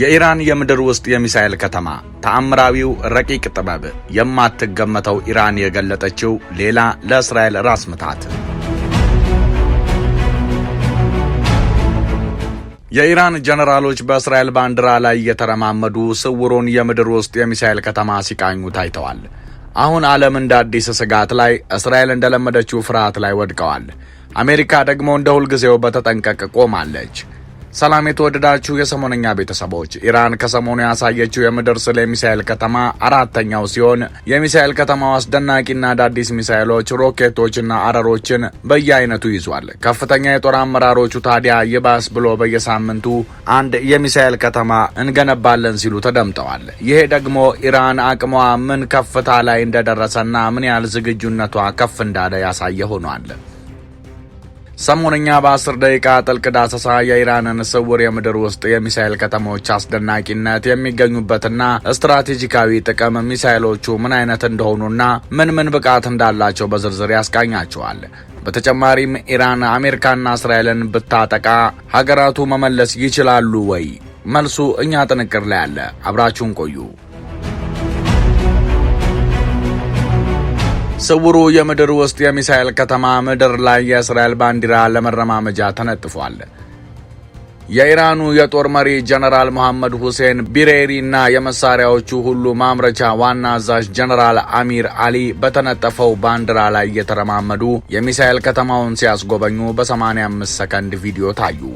የኢራን የምድር ውስጥ የሚሳኤል ከተማ ተአምራዊው ረቂቅ ጥበብ የማትገመተው ኢራን የገለጠችው ሌላ ለእስራኤል ራስ ምታት። የኢራን ጀነራሎች በእስራኤል ባንዲራ ላይ የተረማመዱ ስውሩን የምድር ውስጥ የሚሳኤል ከተማ ሲቃኙ ታይተዋል። አሁን ዓለም እንደ አዲስ ስጋት ላይ፣ እስራኤል እንደለመደችው ፍርሃት ላይ ወድቀዋል። አሜሪካ ደግሞ እንደ ሁልጊዜው በተጠንቀቅ ቆማለች። ሰላም የተወደዳችሁ የሰሞነኛ ቤተሰቦች፣ ኢራን ከሰሞኑ ያሳየችው የምድር ስለ ሚሳኤል ከተማ አራተኛው ሲሆን የሚሳኤል ከተማው አስደናቂና አዳዲስ ሚሳኤሎች፣ ሮኬቶችና አረሮችን በየአይነቱ ይዟል። ከፍተኛ የጦር አመራሮቹ ታዲያ ይባስ ብሎ በየሳምንቱ አንድ የሚሳኤል ከተማ እንገነባለን ሲሉ ተደምጠዋል። ይሄ ደግሞ ኢራን አቅሟ ምን ከፍታ ላይ እንደደረሰና ምን ያህል ዝግጁነቷ ከፍ እንዳለ ያሳየ ሆኗል። ሰሞነኛ በአስር ደቂቃ ጥልቅ ዳሰሳ የኢራንን ስውር የምድር ውስጥ የሚሳኤል ከተሞች አስደናቂነት የሚገኙበትና ስትራቴጂካዊ ጥቅም ሚሳኤሎቹ ምን አይነት እንደሆኑና ምን ምን ብቃት እንዳላቸው በዝርዝር ያስቃኛቸዋል። በተጨማሪም ኢራን አሜሪካና እስራኤልን ብታጠቃ ሀገራቱ መመለስ ይችላሉ ወይ? መልሱ እኛ ጥንቅር ላይ አለ። አብራችሁን ቆዩ። ስውሩ የምድር ውስጥ የሚሳኤል ከተማ ምድር ላይ የእስራኤል ባንዲራ ለመረማመጃ ተነጥፏል። የኢራኑ የጦር መሪ ጀነራል መሐመድ ሁሴን ቢሬሪ እና የመሳሪያዎቹ ሁሉ ማምረቻ ዋና አዛዥ ጀነራል አሚር አሊ በተነጠፈው ባንዲራ ላይ እየተረማመዱ የሚሳኤል ከተማውን ሲያስጎበኙ በ85 ሰከንድ ቪዲዮ ታዩ።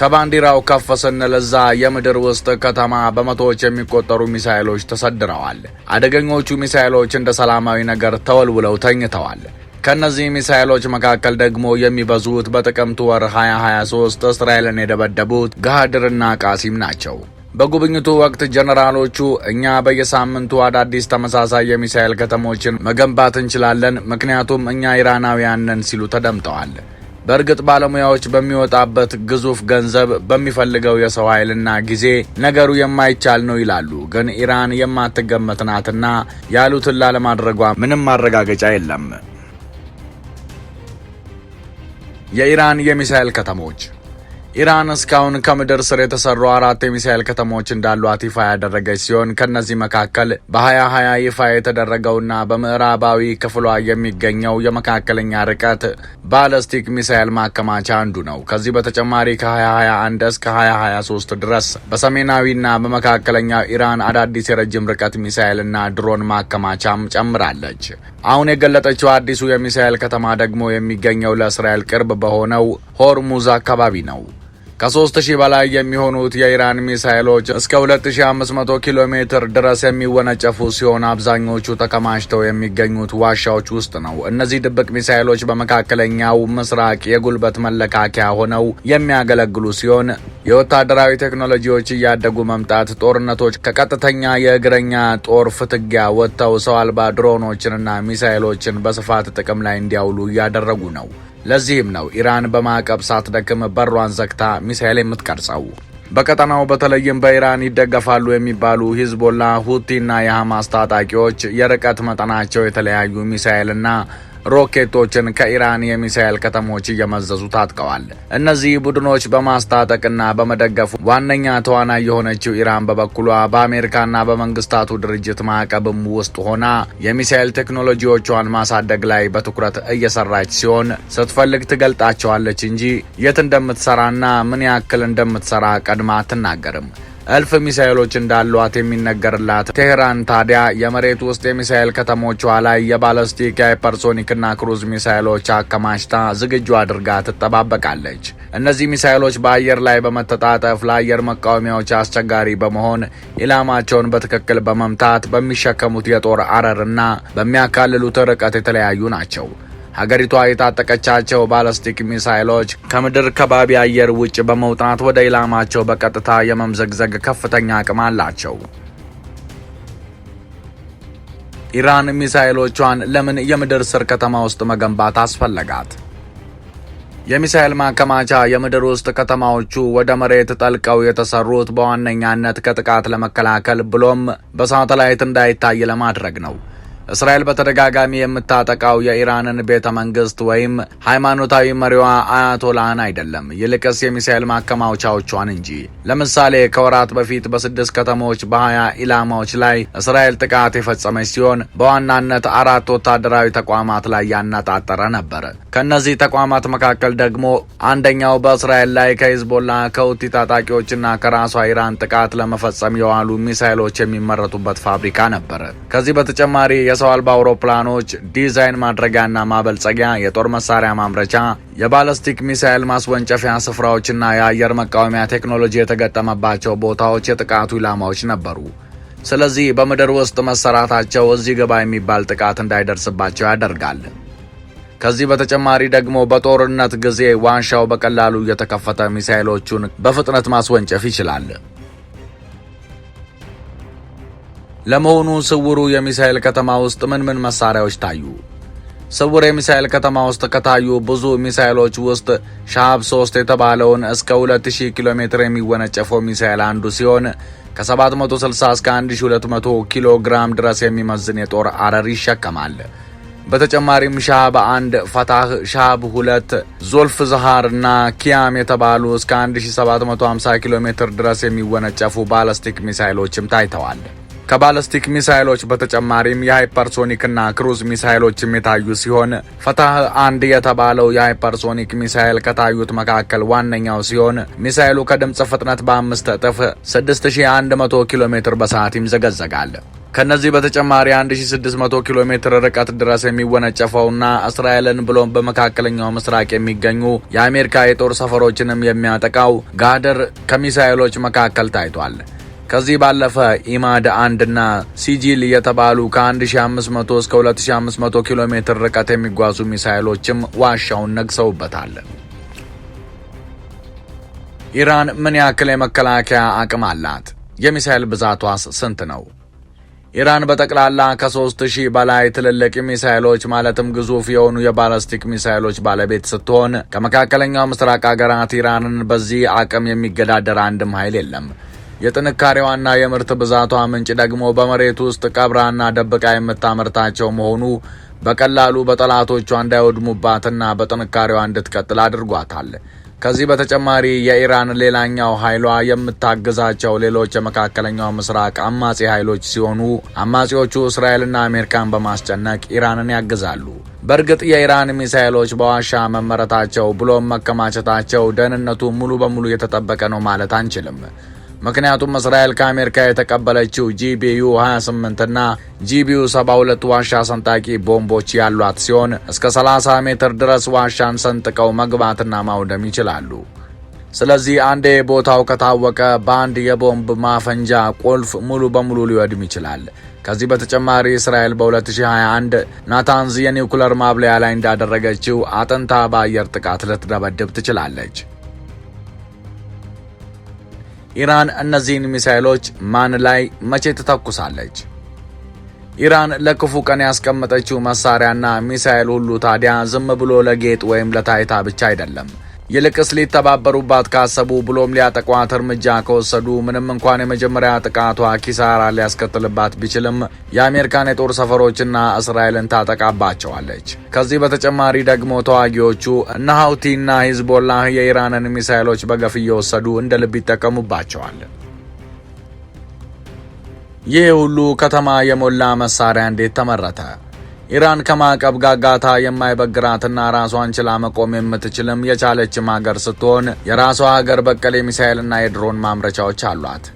ከባንዲራው ከፍ ስንል ለዛ የምድር ውስጥ ከተማ በመቶዎች የሚቆጠሩ ሚሳይሎች ተሰድረዋል። አደገኞቹ ሚሳይሎች እንደ ሰላማዊ ነገር ተወልውለው ተኝተዋል። ከነዚህ ሚሳይሎች መካከል ደግሞ የሚበዙት በጥቅምት ወር 2023 እስራኤልን የደበደቡት ጋድርና ቃሲም ናቸው። በጉብኝቱ ወቅት ጀነራሎቹ እኛ በየሳምንቱ አዳዲስ ተመሳሳይ የሚሳኤል ከተሞችን መገንባት እንችላለን፣ ምክንያቱም እኛ ኢራናውያን ነን ሲሉ ተደምጠዋል። በእርግጥ ባለሙያዎች በሚወጣበት ግዙፍ ገንዘብ በሚፈልገው የሰው ኃይልና ጊዜ ነገሩ የማይቻል ነው ይላሉ። ግን ኢራን የማትገመት ናትና ያሉትን ላለማድረጓ ምንም ማረጋገጫ የለም። የኢራን የሚሳኤል ከተሞች ኢራን እስካሁን ከምድር ስር የተሰሩ አራት የሚሳኤል ከተሞች እንዳሏት ይፋ ያደረገች ሲሆን ከእነዚህ መካከል በ2020 ይፋ የተደረገውና በምዕራባዊ ክፍሏ የሚገኘው የመካከለኛ ርቀት ባለስቲክ ሚሳኤል ማከማቻ አንዱ ነው። ከዚህ በተጨማሪ ከ2021 እስከ 2023 ድረስ በሰሜናዊና በመካከለኛው ኢራን አዳዲስ የረጅም ርቀት ሚሳኤልና ድሮን ማከማቻም ጨምራለች። አሁን የገለጠችው አዲሱ የሚሳኤል ከተማ ደግሞ የሚገኘው ለእስራኤል ቅርብ በሆነው ሆርሙዝ አካባቢ ነው። ከ3000 በላይ የሚሆኑት የኢራን ሚሳይሎች እስከ 2500 ኪሎ ሜትር ድረስ የሚወነጨፉ ሲሆን አብዛኞቹ ተከማችተው የሚገኙት ዋሻዎች ውስጥ ነው። እነዚህ ድብቅ ሚሳይሎች በመካከለኛው ምስራቅ የጉልበት መለካከያ ሆነው የሚያገለግሉ ሲሆን የወታደራዊ ቴክኖሎጂዎች እያደጉ መምጣት ጦርነቶች ከቀጥተኛ የእግረኛ ጦር ፍትጊያ ወጥተው ሰው አልባ ድሮኖችንና ሚሳይሎችን በስፋት ጥቅም ላይ እንዲያውሉ እያደረጉ ነው። ለዚህም ነው ኢራን በማዕቀብ ሳትደክም በሯን ዘግታ ሚሳኤል የምትቀርጸው። በቀጠናው በተለይም በኢራን ይደገፋሉ የሚባሉ ሂዝቦላ፣ ሁቲና የሐማስ ታጣቂዎች የርቀት መጠናቸው የተለያዩ ሚሳኤልና ሮኬቶችን ከኢራን የሚሳኤል ከተሞች እየመዘዙ ታጥቀዋል። እነዚህ ቡድኖች በማስታጠቅና በመደገፉ ዋነኛ ተዋናይ የሆነችው ኢራን በበኩሏ በአሜሪካና በመንግስታቱ ድርጅት ማዕቀብም ውስጥ ሆና የሚሳኤል ቴክኖሎጂዎቿን ማሳደግ ላይ በትኩረት እየሰራች ሲሆን ስትፈልግ ትገልጣቸዋለች እንጂ የት እንደምትሰራና ምን ያክል እንደምትሰራ ቀድማ አትናገርም። እልፍ ሚሳኤሎች እንዳሏት የሚነገርላት ቴህራን ታዲያ የመሬት ውስጥ የሚሳኤል ከተሞቿ ላይ የባለስቲክ ሃይፐርሶኒክና ክሩዝ ሚሳኤሎች አከማችታ ዝግጁ አድርጋ ትጠባበቃለች። እነዚህ ሚሳኤሎች በአየር ላይ በመተጣጠፍ ለአየር መቃወሚያዎች አስቸጋሪ በመሆን ኢላማቸውን በትክክል በመምታት በሚሸከሙት የጦር አረርና በሚያካልሉት ርቀት የተለያዩ ናቸው። ሀገሪቷ የታጠቀቻቸው ባለስቲክ ሚሳይሎች ከምድር ከባቢ አየር ውጭ በመውጣት ወደ ኢላማቸው በቀጥታ የመምዘግዘግ ከፍተኛ አቅም አላቸው። ኢራን ሚሳይሎቿን ለምን የምድር ስር ከተማ ውስጥ መገንባት አስፈለጋት? የሚሳኤል ማከማቻ የምድር ውስጥ ከተማዎቹ ወደ መሬት ጠልቀው የተሰሩት በዋነኛነት ከጥቃት ለመከላከል ብሎም በሳተላይት እንዳይታይ ለማድረግ ነው። እስራኤል በተደጋጋሚ የምታጠቃው የኢራንን ቤተ መንግስት ወይም ሃይማኖታዊ መሪዋ አያቶላህን አይደለም፣ ይልቅስ የሚሳኤል ማከማውቻዎቿን እንጂ። ለምሳሌ ከወራት በፊት በስድስት ከተሞች በሀያ ኢላማዎች ላይ እስራኤል ጥቃት የፈጸመች ሲሆን በዋናነት አራት ወታደራዊ ተቋማት ላይ ያነጣጠረ ነበር። ከእነዚህ ተቋማት መካከል ደግሞ አንደኛው በእስራኤል ላይ ከሂዝቦላ ከውቲ ታጣቂዎችና ከራሷ ኢራን ጥቃት ለመፈጸም የዋሉ ሚሳይሎች የሚመረቱበት ፋብሪካ ነበር። ከዚህ በተጨማሪ የሰው አልባ አውሮፕላኖች ዲዛይን ማድረጊያና ማበልጸጊያ፣ የጦር መሳሪያ ማምረቻ፣ የባለስቲክ ሚሳኤል ማስወንጨፊያ ስፍራዎችና የአየር መቃወሚያ ቴክኖሎጂ የተገጠመባቸው ቦታዎች የጥቃቱ ኢላማዎች ነበሩ። ስለዚህ በምድር ውስጥ መሰራታቸው እዚህ ገባ የሚባል ጥቃት እንዳይደርስባቸው ያደርጋል። ከዚህ በተጨማሪ ደግሞ በጦርነት ጊዜ ዋንሻው በቀላሉ እየተከፈተ ሚሳኤሎቹን በፍጥነት ማስወንጨፍ ይችላል። ለመሆኑ ስውሩ የሚሳኤል ከተማ ውስጥ ምን ምን መሳሪያዎች ታዩ? ስውር የሚሳኤል ከተማ ውስጥ ከታዩ ብዙ ሚሳኤሎች ውስጥ ሻብ 3 የተባለውን እስከ 2000 ኪሎ ሜትር የሚወነጨፈው ሚሳኤል አንዱ ሲሆን ከ760 እስከ 1200 ኪሎ ግራም ድረስ የሚመዝን የጦር አረር ይሸከማል። በተጨማሪም ሻብ አንድ፣ ፈታህ፣ ሻብ ሁለት፣ ዞልፍ ዝሃር እና ኪያም የተባሉ እስከ 1750 ኪሎ ሜትር ድረስ የሚወነጨፉ ባላስቲክ ሚሳኤሎችም ታይተዋል። ከባለስቲክ ሚሳይሎች በተጨማሪም የሃይፐርሶኒክና ክሩዝ ሚሳይሎችም የታዩ ሲሆን ፈታህ አንድ የተባለው የሃይፐርሶኒክ ሚሳይል ከታዩት መካከል ዋነኛው ሲሆን ሚሳይሉ ከድምፅ ፍጥነት በአምስት እጥፍ 6100 ኪሎ ሜትር በሰዓት ይምዘገዘጋል። ከነዚህ በተጨማሪ 1600 ኪሎ ሜትር ርቀት ድረስ የሚወነጨፈውና እስራኤልን ብሎም በመካከለኛው ምስራቅ የሚገኙ የአሜሪካ የጦር ሰፈሮችንም የሚያጠቃው ጋደር ከሚሳይሎች መካከል ታይቷል። ከዚህ ባለፈ ኢማድ አንድና ሲጂል የተባሉ ከ1500 እስከ 2500 ኪሎ ሜትር ርቀት የሚጓዙ ሚሳይሎችም ዋሻውን ነግሰውበታል። ኢራን ምን ያክል የመከላከያ አቅም አላት? የሚሳይል ብዛቷስ ስንት ነው? ኢራን በጠቅላላ ከ3000 በላይ ትልልቅ ሚሳይሎች ማለትም ግዙፍ የሆኑ የባላስቲክ ሚሳይሎች ባለቤት ስትሆን ከመካከለኛው ምስራቅ ሀገራት ኢራንን በዚህ አቅም የሚገዳደር አንድም ኃይል የለም። የጥንካሬዋና የምርት ብዛቷ ምንጭ ደግሞ በመሬት ውስጥ ቀብራና ደብቃ የምታመርታቸው መሆኑ በቀላሉ በጠላቶቿ እንዳይወድሙባትና በጥንካሬዋ እንድትቀጥል አድርጓታል። ከዚህ በተጨማሪ የኢራን ሌላኛው ኃይሏ የምታግዛቸው ሌሎች የመካከለኛው ምስራቅ አማጺ ኃይሎች ሲሆኑ አማጺዎቹ እስራኤልና አሜሪካን በማስጨነቅ ኢራንን ያግዛሉ። በእርግጥ የኢራን ሚሳይሎች በዋሻ መመረታቸው ብሎም መከማቸታቸው ደህንነቱ ሙሉ በሙሉ የተጠበቀ ነው ማለት አንችልም። ምክንያቱም እስራኤል ከአሜሪካ የተቀበለችው ጂቢዩ 28ና ጂቢዩ 72 ዋሻ ሰንጣቂ ቦምቦች ያሏት ሲሆን እስከ 30 ሜትር ድረስ ዋሻን ሰንጥቀው መግባትና ማውደም ይችላሉ። ስለዚህ አንዴ ቦታው ከታወቀ በአንድ የቦምብ ማፈንጃ ቁልፍ ሙሉ በሙሉ ሊወድም ይችላል። ከዚህ በተጨማሪ እስራኤል በ2021 ናታንዝ የኒውክለር ማብለያ ላይ እንዳደረገችው አጥንታ በአየር ጥቃት ልትደበድብ ትችላለች። ኢራን እነዚህን ሚሳይሎች ማን ላይ መቼ ትተኩሳለች? ኢራን ለክፉ ቀን ያስቀመጠችው መሳሪያና ሚሳይል ሁሉ ታዲያ ዝም ብሎ ለጌጥ ወይም ለታይታ ብቻ አይደለም። ይልቅስ ሊተባበሩባት ካሰቡ ብሎም ሊያጠቋት እርምጃ ከወሰዱ ምንም እንኳን የመጀመሪያ ጥቃቷ ኪሳራ ሊያስከትልባት ቢችልም የአሜሪካን የጦር ሰፈሮችና እስራኤልን ታጠቃባቸዋለች። ከዚህ በተጨማሪ ደግሞ ተዋጊዎቹ እነ ሀውቲና ሂዝቦላህ የኢራንን ሚሳይሎች በገፍ እየወሰዱ እንደ ልብ ይጠቀሙባቸዋል። ይህ ሁሉ ከተማ የሞላ መሳሪያ እንዴት ተመረተ? ኢራን ከማዕቀብ ጋጋታ የማይበግራትና ራሷን ችላ መቆም የምትችልም የቻለችም ሀገር ስትሆን የራሷ ሀገር በቀል የሚሳይልና የድሮን ማምረቻዎች አሏት።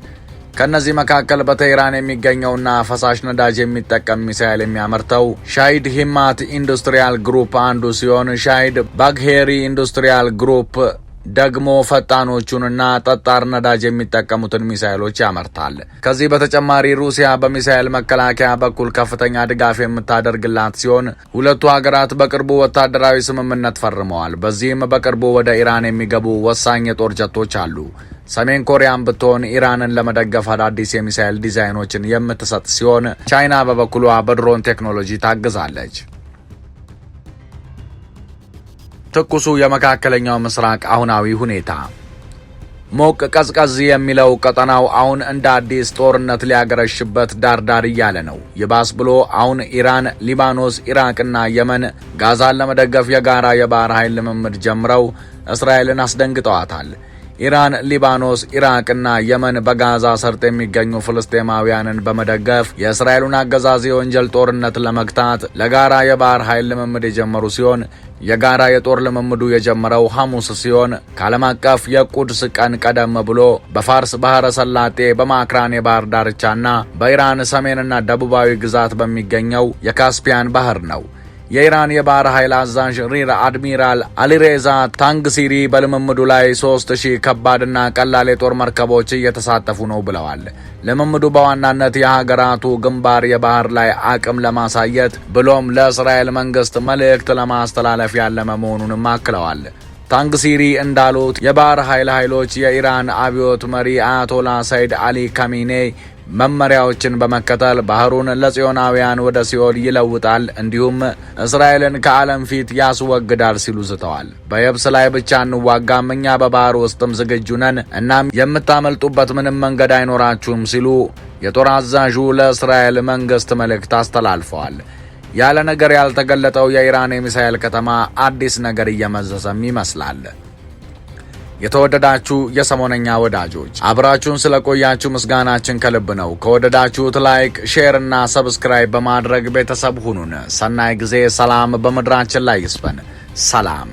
ከእነዚህ መካከል በቴህራን የሚገኘውና ፈሳሽ ነዳጅ የሚጠቀም ሚሳኤል የሚያመርተው ሻይድ ሂማት ኢንዱስትሪያል ግሩፕ አንዱ ሲሆን ሻይድ ባግሄሪ ኢንዱስትሪያል ግሩፕ ደግሞ ፈጣኖቹንና ጠጣር ነዳጅ የሚጠቀሙትን ሚሳይሎች ያመርታል። ከዚህ በተጨማሪ ሩሲያ በሚሳይል መከላከያ በኩል ከፍተኛ ድጋፍ የምታደርግላት ሲሆን ሁለቱ ሀገራት በቅርቡ ወታደራዊ ስምምነት ፈርመዋል። በዚህም በቅርቡ ወደ ኢራን የሚገቡ ወሳኝ የጦር ጀቶች አሉ። ሰሜን ኮሪያን ብትሆን ኢራንን ለመደገፍ አዳዲስ የሚሳይል ዲዛይኖችን የምትሰጥ ሲሆን ቻይና በበኩሏ በድሮን ቴክኖሎጂ ታግዛለች። ትኩሱ የመካከለኛው ምስራቅ አሁናዊ ሁኔታ ሞቅ ቀዝቀዝ የሚለው ቀጠናው አሁን እንደ አዲስ ጦርነት ሊያገረሽበት ዳርዳር እያለ ነው። ይባስ ብሎ አሁን ኢራን፣ ሊባኖስ፣ ኢራቅና የመን ጋዛን ለመደገፍ የጋራ የባህር ኃይል ልምምድ ጀምረው እስራኤልን አስደንግጠዋታል። ኢራን፣ ሊባኖስ፣ ኢራቅና የመን በጋዛ ሰርጥ የሚገኙ ፍልስጤማውያንን በመደገፍ የእስራኤሉን አገዛዝ የወንጀል ጦርነት ለመግታት ለጋራ የባህር ኃይል ልምምድ የጀመሩ ሲሆን የጋራ የጦር ልምምዱ የጀመረው ሐሙስ ሲሆን ከዓለም አቀፍ የቁድስ ቀን ቀደም ብሎ በፋርስ ባህረ ሰላጤ በማክራን የባህር ዳርቻና በኢራን ሰሜንና ደቡባዊ ግዛት በሚገኘው የካስፒያን ባህር ነው። የኢራን የባህር ኃይል አዛዥ ሪር አድሚራል አሊሬዛ ታንግሲሪ በልምምዱ ላይ ሶስት ሺህ ከባድና ቀላል የጦር መርከቦች እየተሳተፉ ነው ብለዋል። ልምምዱ በዋናነት የሀገራቱ ግንባር የባህር ላይ አቅም ለማሳየት ብሎም ለእስራኤል መንግስት መልእክት ለማስተላለፍ ያለመ መሆኑንም አክለዋል። ታንግሲሪ እንዳሉት የባህር ኃይል ኃይሎች የኢራን አብዮት መሪ አያቶላ ሰይድ አሊ ካሚኔ መመሪያዎችን በመከተል ባህሩን ለጽዮናውያን ወደ ሲኦል ይለውጣል፣ እንዲሁም እስራኤልን ከዓለም ፊት ያስወግዳል ሲሉ ዝተዋል። በየብስ ላይ ብቻ አንዋጋም፣ እኛ በባህር ውስጥም ዝግጁ ነን፣ እናም የምታመልጡበት ምንም መንገድ አይኖራችሁም ሲሉ የጦር አዛዡ ለእስራኤል መንግስት መልእክት አስተላልፈዋል። ያለ ነገር ያልተገለጠው የኢራን የሚሳኤል ከተማ አዲስ ነገር እየመዘሰም ይመስላል። የተወደዳችሁ የሰሞነኛ ወዳጆች አብራችሁን ስለቆያችሁ ምስጋናችን ከልብ ነው። ከወደዳችሁት ላይክ፣ ሼር እና ሰብስክራይብ በማድረግ ቤተሰብ ሁኑን። ሰናይ ጊዜ። ሰላም በምድራችን ላይ ይስፈን። ሰላም